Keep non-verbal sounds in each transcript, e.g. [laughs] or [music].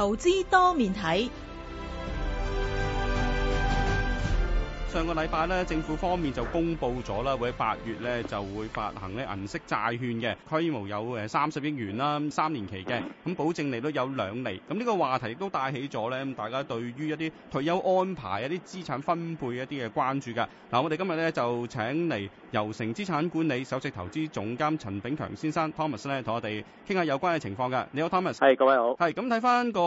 投資多面睇。上個禮拜咧，政府方面就公布咗啦，會喺八月咧就會發行咧銀色債券嘅，規模有三十億元啦，三年期嘅，咁保證利率有兩厘。咁、這、呢個話題都帶起咗咧，大家對於一啲退休安排、一啲資產分配一啲嘅關注㗎。嗱，我哋今日咧就請嚟油城資產管理首席投資總監陳炳強先生 Thomas 咧，同我哋傾下有關嘅情況㗎。你好，Thomas。係，各位好。係，咁睇翻個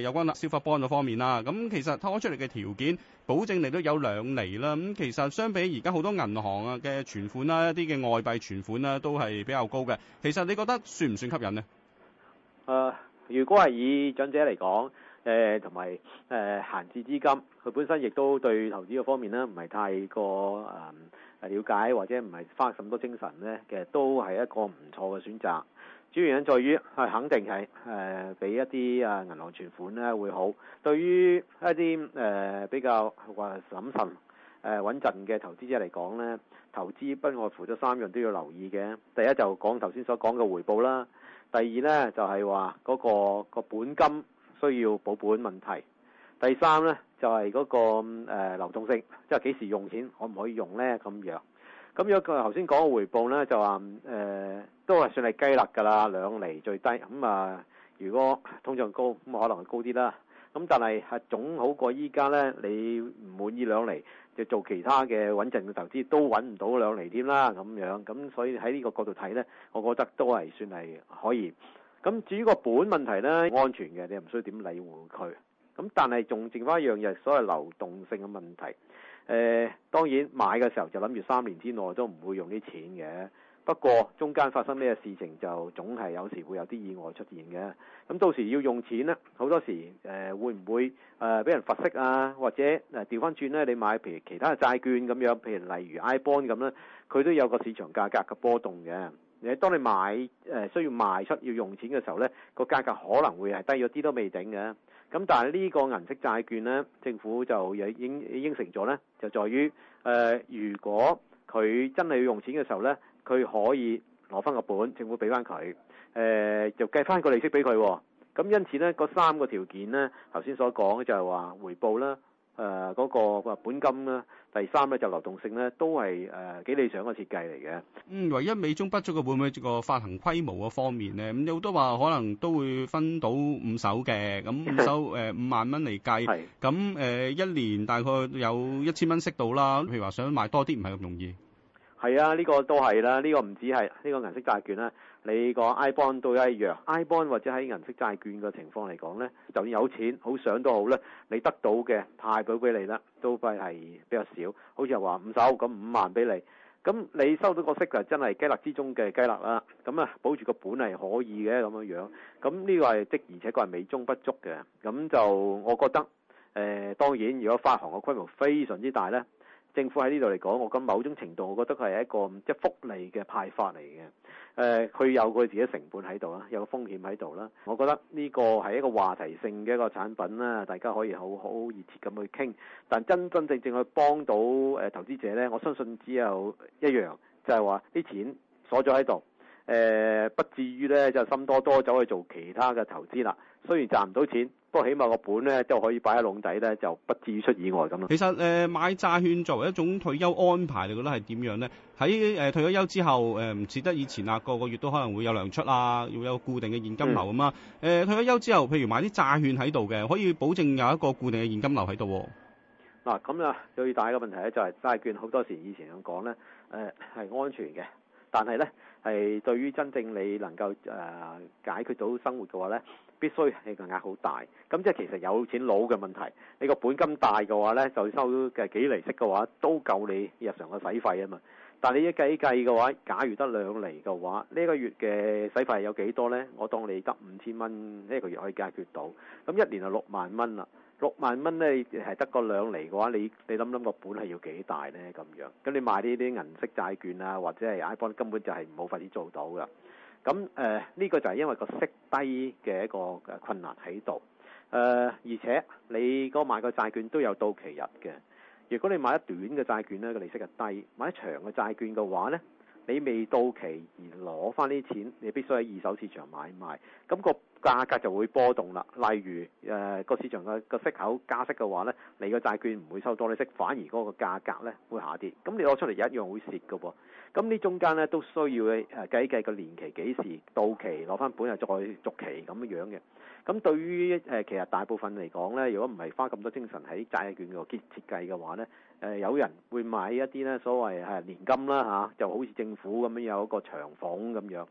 有關消法幫 o 方面啦。咁其實拖出嚟嘅條件，保證利率有兩厘。啦，咁其實相比而家好多銀行啊嘅存款啦，一啲嘅外幣存款啦，都係比較高嘅。其實你覺得算唔算吸引呢？誒、呃，如果係以長者嚟講，誒同埋誒閒置資金，佢本身亦都對投資嗰方面呢，唔係太過誒、呃、瞭解，或者唔係花咁多精神呢，其實，都係一個唔錯嘅選擇。主要原因在於係肯定係誒、呃、比一啲啊銀行存款咧會好。呃、對於一啲誒、呃、比較話、呃、審慎。誒、呃、穩陣嘅投資者嚟講呢，投資不外乎咗三樣都要留意嘅。第一就講頭先所講嘅回報啦，第二呢就係話嗰個本金需要保本問題，第三呢就係、是、嗰、那個、呃、流動性，即係幾時用錢可唔可以用呢？咁樣。咁如果佢頭先講嘅回報呢，就話誒、呃、都係算係雞肋㗎啦，兩厘最低。咁、嗯、啊，如果通脹高，咁、嗯、可能會高啲啦。咁但係係總好過依家呢，你唔滿意兩厘，就做其他嘅穩陣嘅投資都揾唔到兩厘添啦咁樣。咁所以喺呢個角度睇呢，我覺得都係算係可以。咁至於個本問題呢，安全嘅，你又唔需要點理會佢。咁但係仲剩翻一樣嘢，所謂流動性嘅問題。誒、呃，當然買嘅時候就諗住三年之內都唔會用啲錢嘅。不過，中間發生咩事情就總係有時會有啲意外出現嘅。咁到時要用錢呢，好多時、呃、會唔會誒俾、呃、人罰息啊？或者誒調翻轉呢？你買譬如其他債券咁樣，譬如例如 iBond 咁呢，佢都有個市場價格嘅波動嘅。你當你買、呃、需要賣出要用錢嘅時候呢，個價格可能會係低咗啲都未頂嘅。咁但係呢個銀色債券呢，政府就已經應承咗呢，就在於、呃、如果佢真係要用錢嘅時候呢。佢可以攞翻個本，政府俾翻佢，誒、呃、就計翻個利息俾佢。咁因此咧，嗰三個條件咧，頭先所講嘅就係話回報啦，誒、呃、嗰、那個本金啦，第三咧就流動性咧，都係誒幾理想嘅設計嚟嘅。嗯，唯一美中不足嘅會唔會個發行規模嗰方面咧？咁有好多話可能都會分到五手嘅，咁五手誒、 [laughs] 呃、五萬蚊嚟計，咁誒、呃、一年大概有一千蚊息到啦。譬如話想買多啲，唔係咁容易。係啊，呢、這個都係啦，呢、這個唔止係呢個銀色債券啦。你個 I bond 都一樣 I bond 或者喺銀色債券嘅情況嚟講呢，就算有錢好想都好呢，你得到嘅派補俾你啦，都係比較少。好似話五手咁五萬俾你，咁你收到個息就真係雞肋之中嘅雞肋啦。咁啊，保住個本係可以嘅咁樣樣。咁呢個係的，而且確係美中不足嘅。咁就我覺得，誒、呃、當然如果發行嘅規模非常之大呢。政府喺呢度嚟講，我覺得某種程度我、呃它它，我覺得佢係一個即係福利嘅派發嚟嘅。誒，佢有佢自己成本喺度啦，有個風險喺度啦。我覺得呢個係一個話題性嘅一個產品啦，大家可以好好熱切咁去傾。但真真正正去幫到誒投資者呢，我相信只有一樣，就係話啲錢鎖咗喺度。誒、呃，不至於咧，就心多多走去做其他嘅投資啦。雖然賺唔到錢，不過起碼個本咧，就可以擺喺籠底咧，就不至於出意外咁咯。其實誒、呃、買債券作為一種退休安排，你覺得係點樣咧？喺、呃、退咗休之後，誒唔似得以前啊，個個月都可能會有糧出啊，要有固定嘅現金流咁啊、嗯呃。退咗休之後，譬如買啲債券喺度嘅，可以保證有一個固定嘅現金流喺度。嗱，咁啊，最大嘅問題咧就係、是、係券好多時以前咁講咧，係、呃、安全嘅，但係咧。係對於真正你能夠誒、呃、解決到生活嘅話呢，必須係個額好大。咁即係其實有錢佬嘅問題，你個本金大嘅話呢就收嘅幾厘息嘅話都夠你日常嘅使費啊嘛。但係你一計一計嘅話，假如得兩厘嘅話，呢、這、一個月嘅使費有幾多呢？我當你得五千蚊，呢個月可以解決到，咁一年就六萬蚊啦。六萬蚊咧，係得個兩厘嘅話，你你諗諗個本係要幾大呢？咁樣，咁你賣呢啲銀色債券啊，或者係 iPhone，根本就係冇快啲做到㗎。咁誒，呢、呃這個就係因為個息低嘅一個困難喺度。誒、呃，而且你嗰買個債券都有到期日嘅。如果你買一短嘅債券呢，個利息係低；買一長嘅債券嘅話呢，你未到期而攞翻啲錢，你必須喺二手市場買賣。咁、那個價格就會波動啦。例如誒個、呃、市場個個息口加息嘅話呢你個債券唔會收多啲息，反而嗰個價格呢會下跌。咁你攞出嚟一樣會蝕嘅喎。咁呢中間呢都需要誒計計個年期幾時到期，攞翻本又再續期咁樣嘅。咁對於誒、呃、其實大部分嚟講呢，如果唔係花咁多精神喺債券個設設計嘅話呢、呃，有人會買一啲呢所謂係、啊、年金啦嚇、啊，就好似政府咁樣有一個長俸咁樣。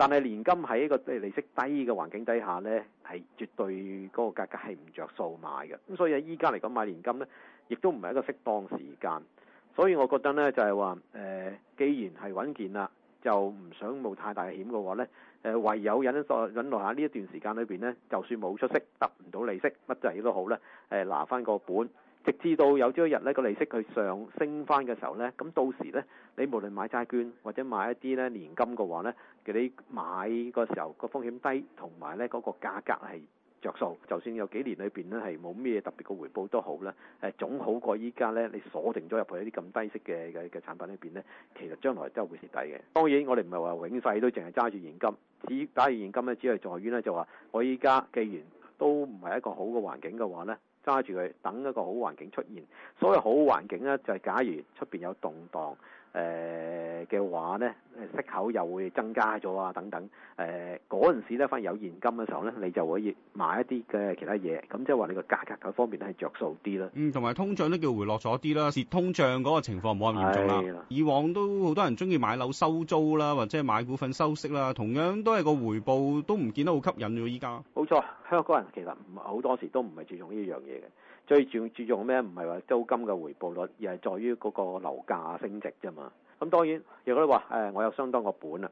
但係年金喺一個即係利息低嘅環境底下呢，係絕對嗰個價格係唔着數買嘅。咁所以喺依家嚟講買年金呢，亦都唔係一個適當時間。所以我覺得呢，就係、是、話，誒、呃，既然係穩健啦，就唔想冒太大嘅險嘅話呢，誒、呃，唯有忍耐下呢一段時間裏邊呢，就算冇出息，得唔到利息，乜嘢都好咧，誒、呃，拿翻個本。直至到有朝一日呢，個利息去上升翻嘅時候呢，咁到時呢，你無論買債券或者買一啲年金嘅話咧，你買個時候個風險低，同埋呢嗰個價格係着數。就算有幾年裏面呢係冇咩特別嘅回報都好啦，誒，總好過依家呢，你鎖定咗入去一啲咁低息嘅嘅嘅產品裏面呢，其實將來都係會蝕底嘅。當然我哋唔係話永世都淨係揸住現金，只揸住現金呢，只係在於呢就話，我依家既然都唔係一個好嘅環境嘅話呢。揸住佢，等一個好環境出現。所謂好環境咧，就係假如出邊有動盪。誒、呃、嘅話呢，息口又會增加咗啊！等等，誒嗰陣時反而有現金嘅時候呢，你就可以買一啲嘅其他嘢，咁即係話你個價格嗰方面係着數啲啦。嗯，同埋通脹都叫回落咗啲啦，蝕通脹嗰個情況冇咁嚴重啦。以往都好多人中意買樓收租啦，或者買股份收息啦，同樣都係個回報都唔見得好吸引咗依家。冇錯，香港人其實唔好多時都唔係注重呢樣樣嘢嘅。最注注重咩？唔係話租金嘅回報率，而係在於嗰個樓價升值啫嘛。咁當然，如果你話誒，我有相當個本啦。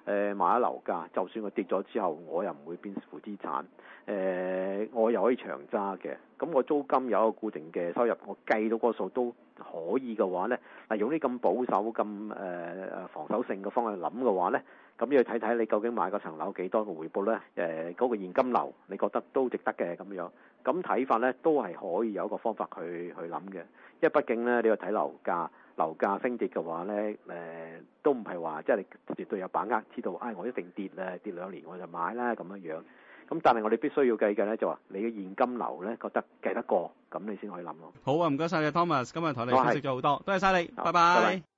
誒、呃、買咗樓價，就算佢跌咗之後，我又唔會變負資產。誒、呃，我又可以長揸嘅。咁我租金有一個固定嘅收入，我計到個數都可以嘅話呢。嗱，用啲咁保守、咁誒、呃、防守性嘅方向諗嘅話呢，咁你要睇睇你究竟買嗰層樓幾多個回報呢？誒、呃，嗰個現金流，你覺得都值得嘅咁樣。咁睇法呢，都係可以有一個方法去去諗嘅。因為畢竟呢，你要睇樓價。樓價升跌嘅話咧，誒、呃、都唔係話即係絕對有把握知道，唉、哎、我一定跌啊跌兩年我就買啦咁樣樣。咁但係我哋必須要計嘅咧，就話、是、你嘅現金流咧，覺得計得過，咁你先可以諗咯。好啊，唔該晒你，Thomas，今日同你分析咗好多，多謝晒你，拜拜。拜拜。